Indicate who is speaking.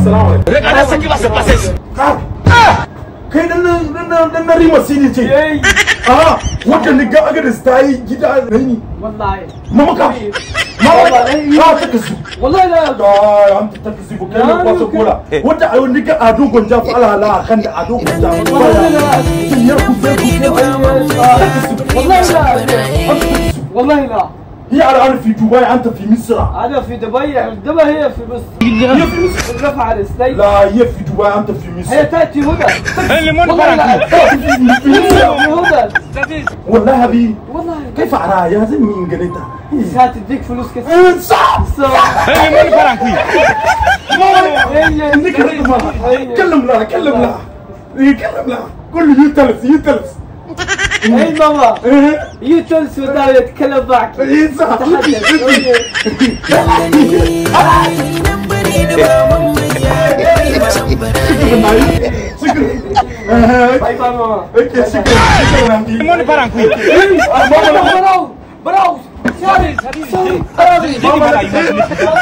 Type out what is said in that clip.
Speaker 1: assalamu alaikum regardez ce kai a da yi gida wallahi wallahi ka wallahi la ta kasu ado wallahi la wallahi la wallahi la هي على في دبي انت في مصر انا في دبي الدبا هي في مصر هي في مصر الرفع على السلي لا هي في دبي انت في مصر هي تاتي هدى اللي من في والله هذه والله كيف اراها يا زلمه من قريتها إيه. تديك فلوس كثير إيه، صح صح اللي من فرنكي كلم لها كلم لها كلم لها إيه، قول له يتلس يتلس اي سوداوي معك mama. You told Mano, para aqui. Bravo,